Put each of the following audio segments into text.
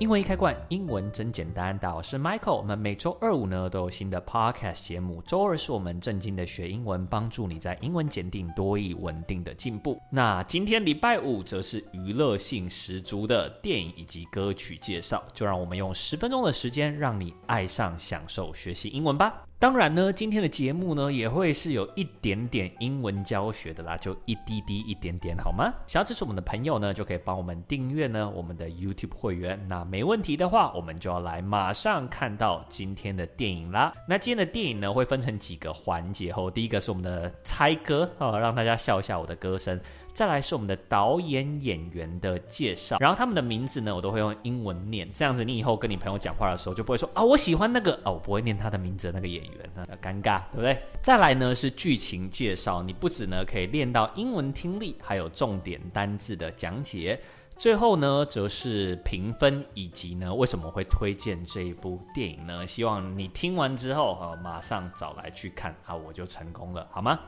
英文易開罐，英文真簡單。大家好，我是 Michael。我們每周二五呢都有新的 podcast 節目。周二是我們正經的學英文，幫助你在英文檢定多益穩定的進步。那今天禮拜五則是娛樂性十足的電影以及歌曲介紹。就讓我們用十分鐘的時間，讓你愛上享受學習英文吧。當然呢，今天的節目呢也會是有一點點英文教學的啦，就一滴滴一點點，好嗎？想要支持我們的朋友呢，就可以幫我們訂閱呢我們的 YouTube 會員。那沒問題的話，我們就要來馬上看到今天的電影啦。那今天的電影呢會分成幾個環節哦，第一個是我們的猜歌啊、哦，讓大家笑一下我的歌聲。再來是我們的導演、演員的介紹，然後他們的名字呢，我都會用英文念，這樣子你以後跟你朋友講話的時候就不會說啊、哦，我喜歡那個啊、哦，我不會念他的名字，那個演員、啊、尷尬，對不對？再來呢是劇情介紹，你不止呢可以練到英文聽力，還有重點單字的講解，最後呢則是評分以及呢為什麼會推薦這一部電影呢？希望你聽完之後啊，馬上找來去看啊，我就成功了，好嗎？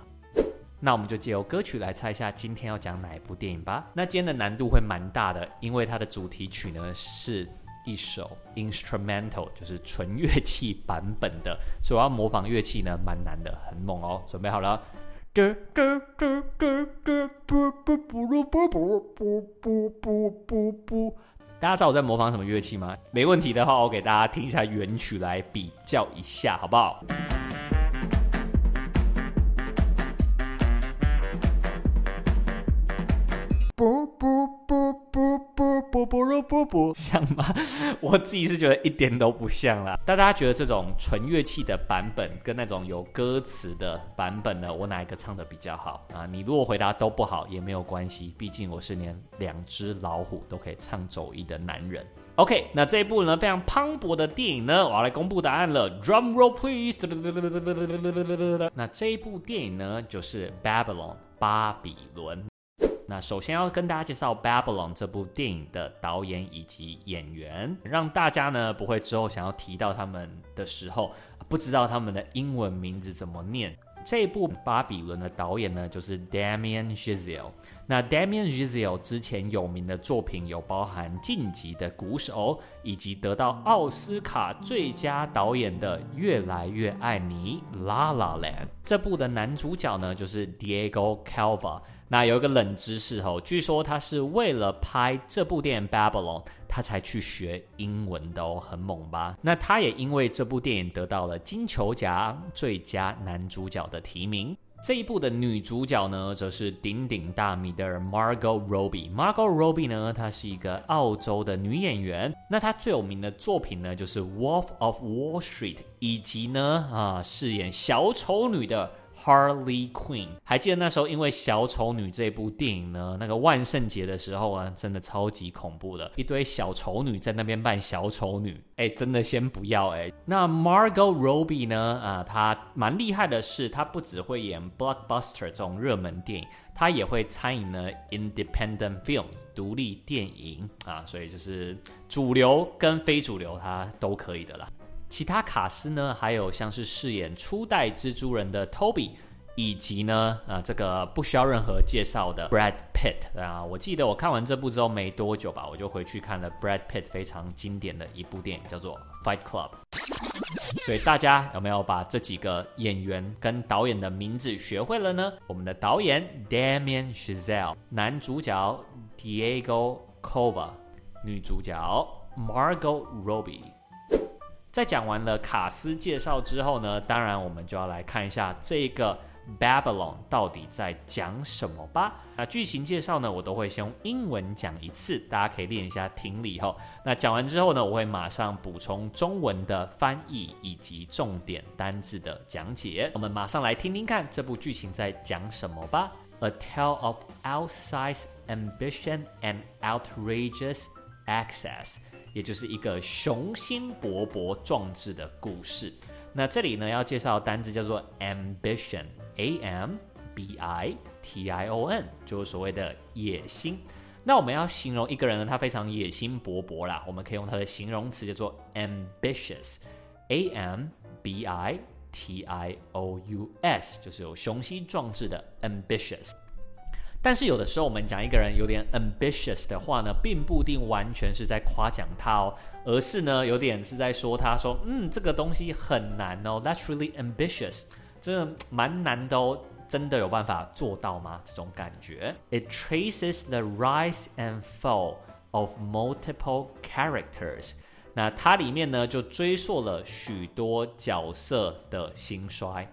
那我們就借由歌曲來猜一下今天要講哪一部電影吧。那今天的難度會蠻大的，因為它的主題曲呢是一首 instrumental，就是純樂器版本的，所以我要模仿樂器呢蠻難的，很猛哦。準備好了？大家知道我在模仿什麼樂器嗎？沒問題的話，我給大家聽一下原曲來比較一下，好不好？不不像嗎？我自己是覺得一點都不像啦。大家覺得這種純樂器的版本跟那種有歌詞的版本呢？我哪一個唱得比較好啊？你如果回答都不好也沒有關係，畢竟我是連兩只老虎都可以唱走音的男人。OK，那這一部呢非常磅礴的電影呢，我要來公布答案了，Drum roll please！那這一部電影呢就是《Babylon 巴比倫》。那首先要跟大家介紹《Babylon》這部電影的導演以及演員，讓大家呢不會之後想要提到他們的時候，不知道他們的英文名字怎麼念。這部《巴比倫》的導演呢，就是 Damien Chazelle。那 Damien Chazelle 之前有名的作品有包含《進擊的鼓手》，以及得到奧斯卡最佳導演的《樂來越愛你》（La La Land）。這部的男主角呢，就是 Diego Calva。那有一個冷知識哦，據說他是為了拍這部電影《巴比倫》他才去學英文的哦，很猛吧？那他也因為這部電影得到了金球獎最佳男主角的提名。這一部的女主角呢，則是鼎鼎大名的 Margot Robbie。Margot Robbie 呢，她是一個澳洲的女演員。那她最有名的作品呢，就是《Wolf of Wall Street》，以及呢，啊，飾演小丑女的。Harley Quinn，還記得那時候因為小丑女這部電影呢，那個萬聖節的時候啊，真的超級恐怖的，一堆小丑女在那邊扮小丑女。誒、欸，真的先不要誒、欸。那 Margot Robbie 呢？啊、呃，她蠻厲害的是，她不只會演 blockbuster 這種熱門電影，她也會參演呢 independent film 獨立電影啊，所以就是主流跟非主流她都可以的啦。其他卡司呢？還有像是飾演初代蜘蛛人的 Toby，以及呢，啊，這個不需要任何介紹的 Brad Pitt 啊。我記得我看完這部之後沒多久吧，我就回去看了 Brad Pitt 非常經典的一部電影，叫做《Fight Club》。所以大家有沒有把這幾個演員跟導演的名字學會了呢？我們的導演 Damien Chazelle，男主角 Diego Kova，女主角 Margot Robbie。在講完了卡司介紹之後呢，當然我們就要來看一下這個《Babylon》到底在講什麼吧。那劇情介紹呢，我都會先用英文講一次，大家可以練一下聽力吼。那講完之後呢，我會馬上補充中文的翻譯以及重點單字的講解。我們馬上來聽聽看這部劇情在講什麼吧。A tale of outsized ambition and outrageous excess. 也就是一個雄心勃勃、壯志的故事。那這裡呢，要介紹的單字叫做 ambition，A M B I T I O N，就是所謂的野心。那我們要形容一個人呢，他非常野心勃勃啦，我們可以用他的形容詞叫做 ambitious，A M B I T I O U S，就是有雄心壯志的 ambitious。但是有的時候我們講一個人有點 ambitious 的話呢，並不一定完全是在誇獎他哦，而是呢有點是在說他說，嗯，這個東西很難哦，That's really ambitious，真的蠻難的哦，真的有辦法做到嗎？這種感覺。It traces the rise and fall of multiple characters，那它裡面呢就追溯了許多角色的興衰。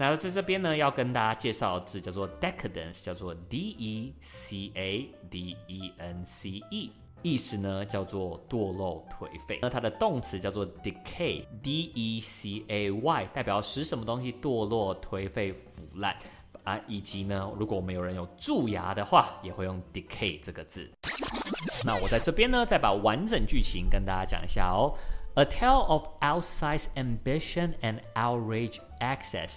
那在這邊呢，要跟大家介紹的字叫做 decadence，叫做 D E C A D E N C E，意思呢叫做墮落頹廢。那它的動詞叫做 decay，D E C A Y，代表使什麼東西墮落頹廢腐，腐爛啊。以及呢，如果我們有人有蛀牙的話，也會用 decay 這個字。那我在這邊呢，再把完整劇情跟大家講一下哦。A Tale of Outsized Ambition and Outrageous Access。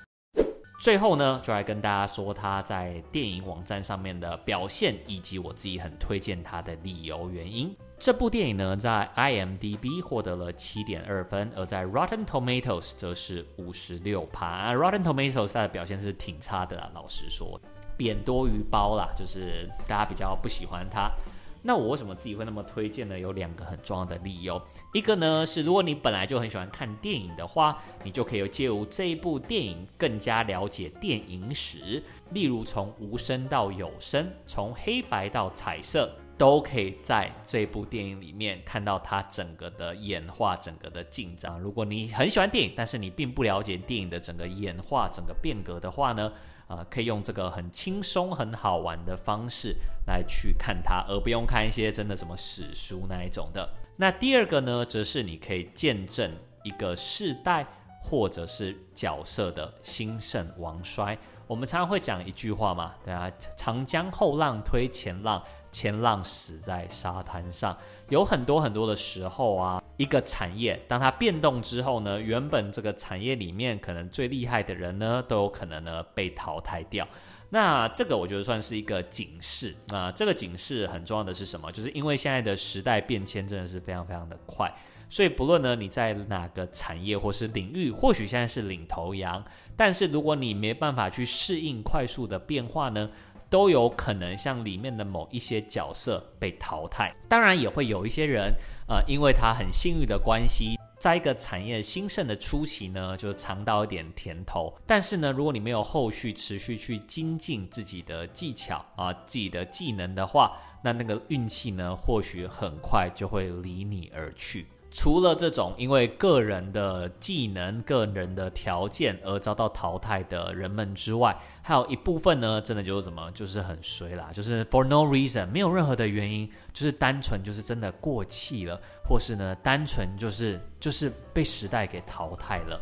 最後呢，就來跟大家說他在電影網站上面的表現，以及我自己很推薦他的理由原因。這部電影呢，在 IMDB 獲得了七點二分，而在 Rotten Tomatoes 則是五十六趴。Rotten Tomatoes 它的表現是挺差的，老實說，貶多於褒啦，就是大家比較不喜歡它。那我為什麼自己會那麼推薦呢？有兩個很重要的理由，一個呢是，如果你本來就很喜歡看電影的話，你就可以借由這一部電影更加了解電影史，例如從無聲到有聲，從黑白到彩色，都可以在這部電影裡面看到它整個的演化、整個的進展。如果你很喜歡電影，但是你並不了解電影的整個演化、整個變革的話呢，啊、呃，可以用這個很輕鬆、很好玩的方式來去看它，而不用看一些真的什麼史書那一種的。那第二個呢，則是你可以見證一個世代或者是角色的興盛、亡衰。我們常常會講一句話嘛，對啊，長江後浪推前浪。前浪死在沙灘上，有很多很多的時候啊，一個產業當它變動之後呢，原本這個產業裡面可能最厲害的人呢，都有可能呢被淘汰掉。那這個我覺得算是一個警示啊。這個警示很重要的是什麼？就是因為現在的時代變遷真的是非常非常的快，所以不論呢你在哪個產業或是領域，或許現在是領頭羊，但是如果你沒辦法去適應快速的變化呢，都有可能像裡面的某一些角色被淘汰，當然也會有一些人，呃，因為他很幸運的關係，在一個產業興盛的初期呢，就嘗到一點甜頭。但是呢，如果你沒有後續持續去精進自己的技巧啊、呃、自己的技能的話，那那個運氣呢，或許很快就會離你而去。除了這種因為個人的技能、個人的條件而遭到淘汰的人們之外，還有一部分呢，真的就是怎麼，就是很衰啦，就是 for no reason，沒有任何的原因，就是單純就是真的過氣了，或是呢，單純就是就是被時代給淘汰了。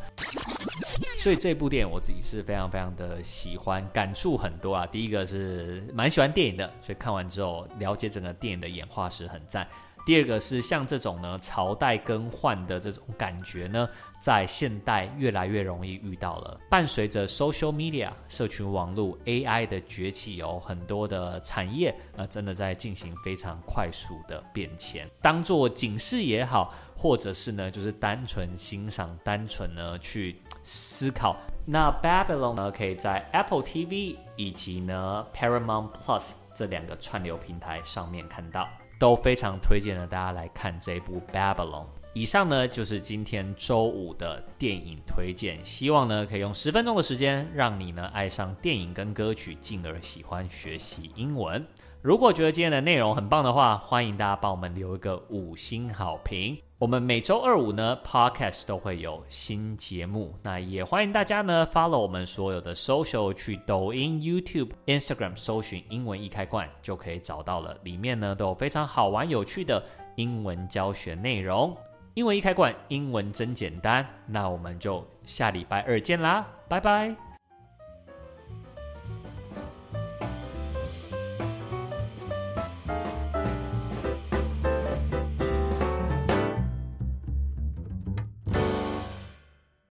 所以這部電影我自己是非常非常的喜歡，感觸很多啊。第一個是蠻喜歡電影的，所以看完之後了解整個電影的演化史，很讚。第二個是像這種呢，朝代更換的這種感覺呢，在現代越來越容易遇到了。伴隨着 social media 社群網絡 AI 的崛起，有很多的產業啊、呃，真的在進行非常快速的變遷。當做警示也好，或者是呢，就是單純欣賞、單純呢去思考。那 Babylon 呢，可以在 Apple TV 以及呢 Paramount Plus 這兩個串流平台上面看到。都非常推薦呢，大家來看這部《Babylon》。以上呢就是今天周五的電影推薦，希望呢可以用十分鐘的時間，讓你呢愛上電影跟歌曲，進而喜歡學習英文。如果覺得今天的內容很棒的話，歡迎大家幫我們留一個五星好評。我們每周二五呢，podcast 都會有新節目。那也歡迎大家呢，follow 我們所有的 social，去抖音、YouTube、Instagram 搜尋“英文易開罐”就可以找到了。裡面呢都有非常好玩有趣的英文教學內容。英文易開罐，英文真簡單。那我們就下禮拜二見啦，拜拜。